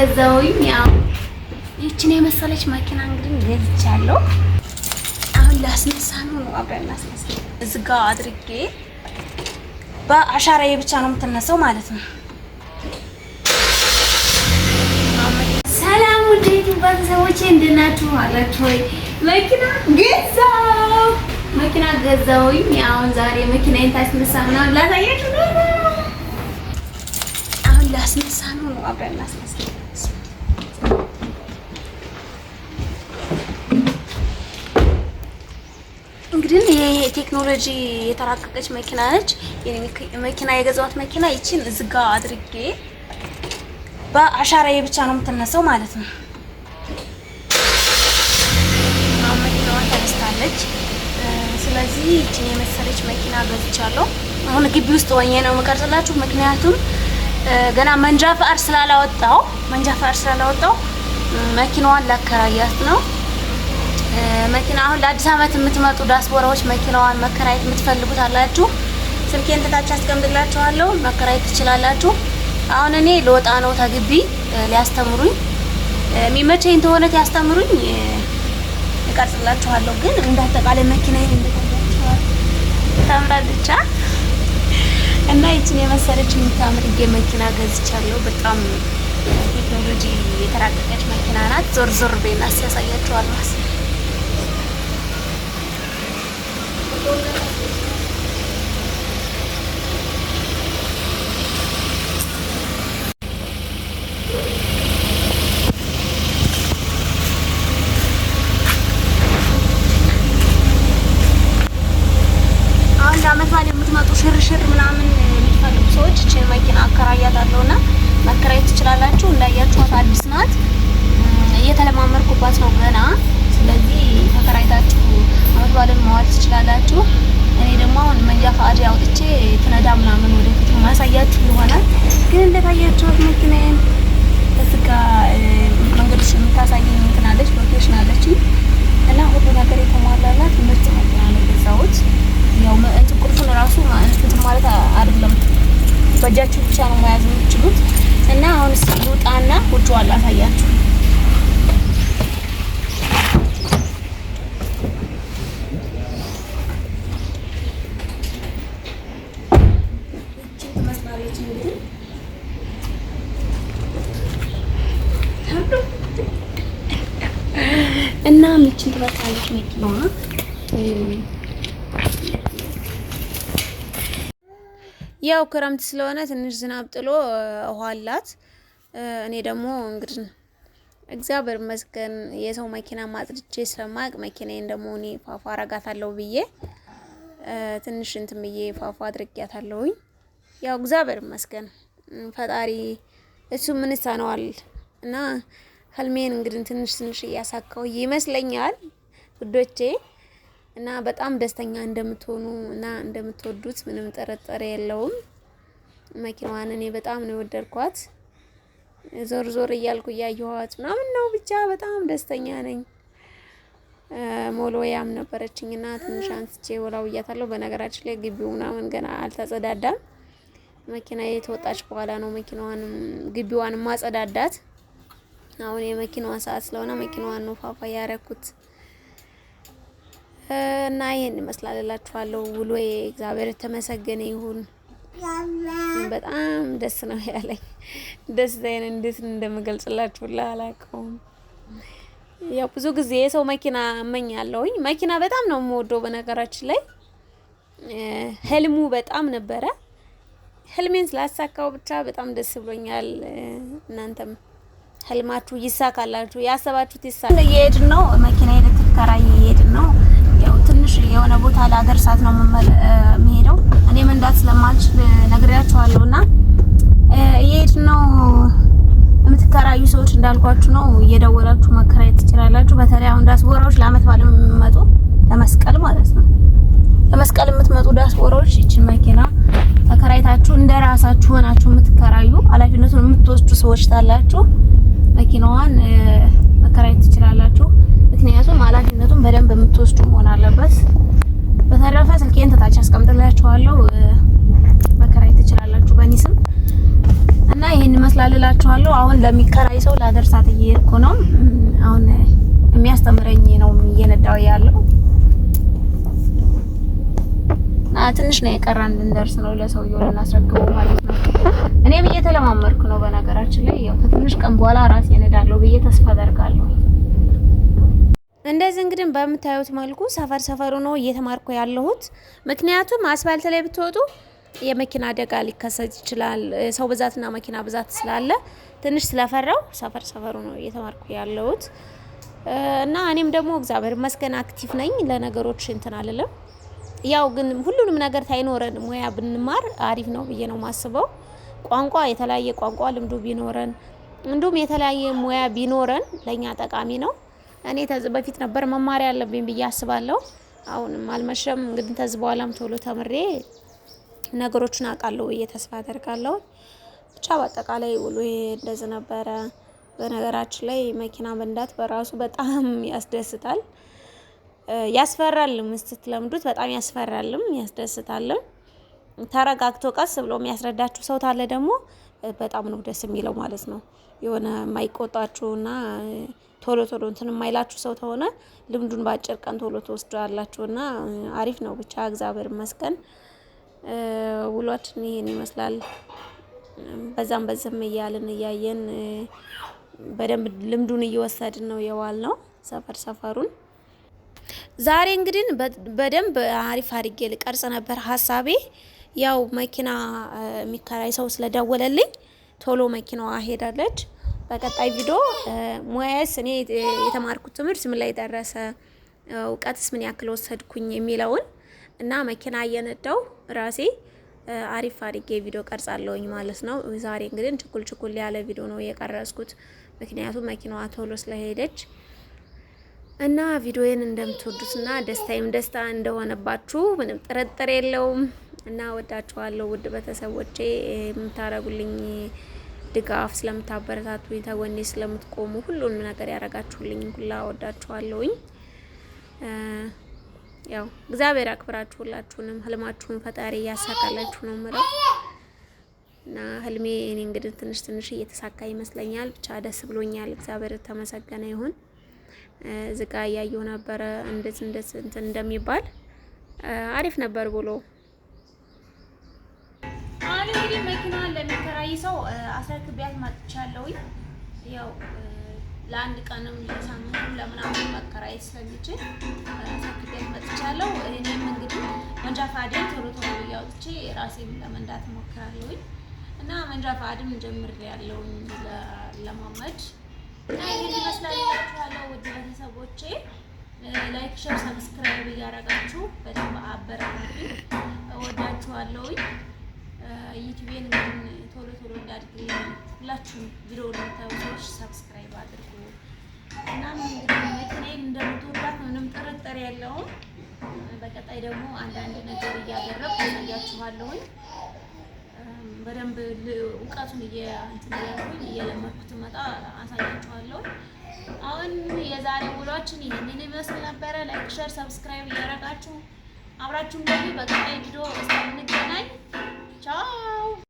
ገዛውኝ። ያው ይችን የመሰለች መኪና እንግዲህ ገዝቻለሁ። አሁን ላስነሳ ነው፣ አብረን ላስነሳ። እዚህ ጋ አድርጌ በአሻራዬ ብቻ ነው የምትነሳው ማለት ነው። ሰላም ውዴቱ ባንሰዎቼ እንደናችሁ አላችሁ ወይ? መኪና ገዛው መኪና ገዛውኝ። አሁን ዛሬ መኪናዬን ታስነሳ ነው ላሳያችሁ አሁን ላስነሳ ነው፣ አብረን ላስነሳ የቴክኖሎጂ የተራቀቀች መኪና ነች። መኪና የገዛኋት መኪና ይችን እዝጋ አድርጌ በአሻራዬ ብቻ ነው የምትነሳው ማለት ነው። አሁን መኪናዋ ተነስታለች። ስለዚህ ይችን የመሰለች መኪና ገዝቻለሁ። አሁን ግቢ ውስጥ ሆኜ ነው የምቀርጽላችሁ ምክንያቱም ገና መንጃ ፈቃድ ስላላወጣው መንጃ ፈቃድ ስላላወጣው መኪናዋን ላከራያት ነው። መኪና አሁን ለአዲስ አመት የምትመጡ ዲያስፖራዎች መኪናዋን መከራየት የምትፈልጉት አላችሁ፣ ስልኬን ትታች አስቀምጥላችኋለሁ፣ መከራየት ትችላላችሁ። አሁን እኔ ልወጣ ነው ተግቢ ሊያስተምሩኝ የሚመቸኝ ተሆነ ያስተምሩኝ እቀርጽላችኋለሁ። ግን እንዳጠቃላይ መኪና ይሄን እንደታያችኋል ታምራል ብቻ እና ይችን የመሰለች የምታምርጌ መኪና ገዝቻለሁ። በጣም ቴክኖሎጂ የተራቀቀች መኪና ናት። ዞር ዞር ቤና ሲያሳያችኋለሁ። አመት በዓል የምትመጡ ሽርሽር ምናምን የሚፈልጉ ሰዎች እችን መኪና አከራያታለሁ እና መከራየት ትችላላችሁ። እንዳያችኋት አዲስ ናት፣ እየተለማመርኩባት ነው ገና። ስለዚህ ተከራይታችሁ አመት በዓልን መዋል ትችላላችሁ። እኔ ደግሞ አሁን መንጃ ፈቃድ አውጥቼ ትነዳ ምናምን ወደፊት ማሳያችሁ ይሆናል። ግን እንደታያችኋት መኪናዬን እዚህ ጋ መንገዶች የምታሳየኝ እንትን አለች ሎኬሽን አለችኝ እና ሁሉ ነገር የተሟላላት ምርጥ መኪና ነው የገዛሁት። ያው እንትን ራሱ እንትን ማለት አይደለም፣ በእጃችሁ ብቻ ነው መያዝ የምትችሉት። እና አሁን እስኪ ልውጣና ውጭ ዋላ አሳያችሁ። እና ምችን ትመስላለች መኪናዋ ያው ክረምት ስለሆነ ትንሽ ዝናብ ጥሎ ውሃ አላት። እኔ ደግሞ እንግዲህ እግዚአብሔር ይመስገን የሰው መኪና ማጽድቼ ስለማቅ መኪናዬን ደግሞ እኔ ፏፏ አረጋታለሁ ብዬ ትንሽ እንትን ብዬ ፏፏ አድርጊያታለሁኝ። ያው እግዚአብሔር ይመስገን ፈጣሪ እሱ ምን ይሳነዋል እና ህልሜን እንግዲህ ትንሽ ትንሽ እያሳካው ይመስለኛል ውዶቼ። እና በጣም ደስተኛ እንደምትሆኑ እና እንደምትወዱት ምንም ጥርጥር የለውም። መኪናዋን እኔ በጣም ነው የወደድኳት። ዞር ዞር እያልኩ እያየኋት ምናምን ነው ብቻ በጣም ደስተኛ ነኝ። ሞሎያም ነበረችኝና ትንሽ አንስቼ ወላውያታለሁ። በነገራችን ላይ ግቢው ምናምን ገና አልተጸዳዳም። መኪና የተወጣች በኋላ ነው መኪናዋን ግቢዋን ማጸዳዳት። አሁን የመኪናዋ ሰዓት ስለሆነ መኪናዋን ነው ፋፋ ያረኩት። እና ይሄን ይመስላል እላችኋለሁ። ውሎዬ እግዚአብሔር የተመሰገነ ይሁን። በጣም ደስ ነው ያለኝ። ደስ ዘይን እንዴት እንደምገልጽላችሁ አላውቀውም። ያው ብዙ ጊዜ የሰው መኪና እመኛለሁኝ። መኪና በጣም ነው የምወደው። በነገራችን ላይ ህልሙ በጣም ነበረ። ህልሜን ስላሳካው ብቻ በጣም ደስ ብሎኛል። እናንተም ህልማችሁ ይሳካላችሁ፣ ያሰባችሁት ይሳካ። እየሄድን ነው መኪና ሄደ ትከራይ ዲያስፖራዎች ለአመት በዓል የምትመጡ ለመስቀል ማለት ነው ለመስቀል የምትመጡ ዲያስፖራዎች ይችን መኪና ተከራይታችሁ እንደ ራሳችሁ ሆናችሁ የምትከራዩ ኃላፊነቱን የምትወስዱ ሰዎች ታላችሁ መኪናዋን መከራየት ትችላላችሁ። ምክንያቱም ኃላፊነቱን በደንብ የምትወስዱ መሆን አለበት። በተረፈ ስልኬን ተታች አስቀምጥላችኋለሁ። መከራየት ትችላላችሁ በእኔ ስም እና ይህን መስላልላችኋለሁ። አሁን ለሚከራይ ሰው ለአደርሳት እየሄድኩ ነው አሁን የሚያስተምረኝ ነው እየነዳው ያለው እና ትንሽ ነው የቀረን ልንደርስ ነው ለሰውየው ልናስረክበው ማለት ነው። እኔም እየተለማመድኩ ነው። በነገራችን ላይ ያው ከትንሽ ቀን በኋላ ራሴ እነዳለሁ ብዬ ተስፋ አደርጋለሁ። እንደዚህ እንግዲህ በምታዩት መልኩ ሰፈር ሰፈሩ ነው እየተማርኩ ያለሁት። ምክንያቱም አስፋልት ላይ ብትወጡ የመኪና አደጋ ሊከሰት ይችላል። ሰው ብዛትና መኪና ብዛት ስላለ ትንሽ ስለፈራው ሰፈር ሰፈሩ ነው እየተማርኩ ያለሁት። እና እኔም ደግሞ እግዚአብሔር ይመስገን አክቲቭ ነኝ። ለነገሮች እንትን አለለም። ያው ግን ሁሉንም ነገር ታይኖረን ሙያ ብንማር አሪፍ ነው ብዬ ነው ማስበው። ቋንቋ የተለያየ ቋንቋ ልምዱ ቢኖረን እንዲሁም የተለያየ ሙያ ቢኖረን ለእኛ ጠቃሚ ነው። እኔ ተዝ በፊት ነበር መማሪያ ያለብኝ ብዬ አስባለሁ። አሁንም አልመሸም እንግዲህ ተዝ በኋላም ቶሎ ተምሬ ነገሮችን አውቃለሁ ብዬ ተስፋ አደርጋለሁ። ብቻ በአጠቃላይ ውሎ እንደዚህ ነበረ። በነገራችን ላይ መኪና መንዳት በራሱ በጣም ያስደስታል፣ ያስፈራልም። ስትለምዱት በጣም ያስፈራልም ያስደስታልም። ተረጋግቶ ቀስ ብሎ የሚያስረዳችሁ ሰው ታለ ደግሞ በጣም ነው ደስ የሚለው ማለት ነው። የሆነ የማይቆጣችሁና ቶሎ ቶሎ እንትን የማይላችሁ ሰው ተሆነ ልምዱን በአጭር ቀን ቶሎ ትወስዳላችሁና አሪፍ ነው። ብቻ እግዚአብሔር ይመስገን ውሏችን ይህን ይመስላል። በዛም በዝም እያልን እያየን በደንብ ልምዱን እየወሰድን ነው የዋል ነው ሰፈር ሰፈሩን። ዛሬ እንግዲህ በደንብ አሪፍ አድርጌ ልቀርጽ ነበር ሀሳቤ። ያው መኪና የሚከራይ ሰው ስለደወለልኝ ቶሎ መኪናዋ ሄዳለች። በቀጣይ ቪዲዮ ሙያስ እኔ የተማርኩት ትምህርት ምን ላይ ደረሰ፣ እውቀትስ ምን ያክል ወሰድኩኝ የሚለውን እና መኪና እየነዳው ራሴ አሪፍ አድርጌ ቪዲዮ ቀርጻለሁኝ ማለት ነው። ዛሬ እንግዲህ ችኩል ችኩል ያለ ቪዲዮ ነው የቀረጽኩት። ምክንያቱም መኪናዋ ቶሎ ስለሄደች እና ቪዲዮዬን እንደምትወዱትና ደስታዬም ደስታ እንደሆነባችሁ ምንም ጥርጥር የለውም። እና ወዳችኋለሁ ውድ ቤተሰቦቼ የምታረጉልኝ ድጋፍ ስለምታበረታቱኝ ተጎኔ ስለምትቆሙ ሁሉንም ነገር ያረጋችሁልኝ ሁላ ወዳችኋለሁኝ። ያው እግዚአብሔር ያክብራችሁ ሁላችሁንም። ህልማችሁን ፈጣሪ እያሳካላችሁ ነው ምለው እና ህልሜ እኔ እንግዲህ ትንሽ ትንሽ እየተሳካ ይመስለኛል። ብቻ ደስ ብሎኛል። እግዚአብሔር ተመሰገነ ይሁን። ዝጋ እያየው ነበረ እንደት እንደት እንትን እንደሚባል አሪፍ ነበር ብሎ አሁን እንግዲህ መኪና ለሚከራይ ሰው አስረክቢያት ማጥቻለሁኝ። ያው ለአንድ ቀንም ለሳምንቱም ለምናምን መከራየት ስለሚችል አስረክቢያት መጥቻለሁ። እኔም እንግዲህ መንጃ ፈቃዴን ቶሎ ቶሎ ብዬ አውጥቼ ለመንዳት እሞክራለሁኝ። እና መንጃ ፈቃድም እንጀምር ያለው ለማመድ እና ይህን ይመስላላችኋለሁ። ውድ ቤተሰቦቼ ላይክ፣ ሸር፣ ሰብስክራይብ እያደረጋችሁ በደንብ አበረታቱ። እወዳችኋለሁኝ። ዩቲቤን ግን ቶሎ ቶሎ እንዳድግ ሁላችሁም ቪዲዮ ለምታዩ ሰብስክራይብ አድርጉ። እናም እንግዲህ እንደምትወዳት ምንም ጥርጥር የለውም። በቀጣይ ደግሞ አንዳንድ ነገር እያደረግኩ እያችኋለሁኝ። በደንብ እውቀቱን እየንትያልኩኝ እየለመድኩት መጣ አሳያችኋለሁ። አሁን የዛሬ ውሏችን ይህንን ይመስል ነበረ። ላይክ፣ ሸር፣ ሰብስክራይብ እያደረጋችሁ አብራችሁ እንግዲህ በቀጣይ ቪዲዮ እስከምንገናኝ ቻው።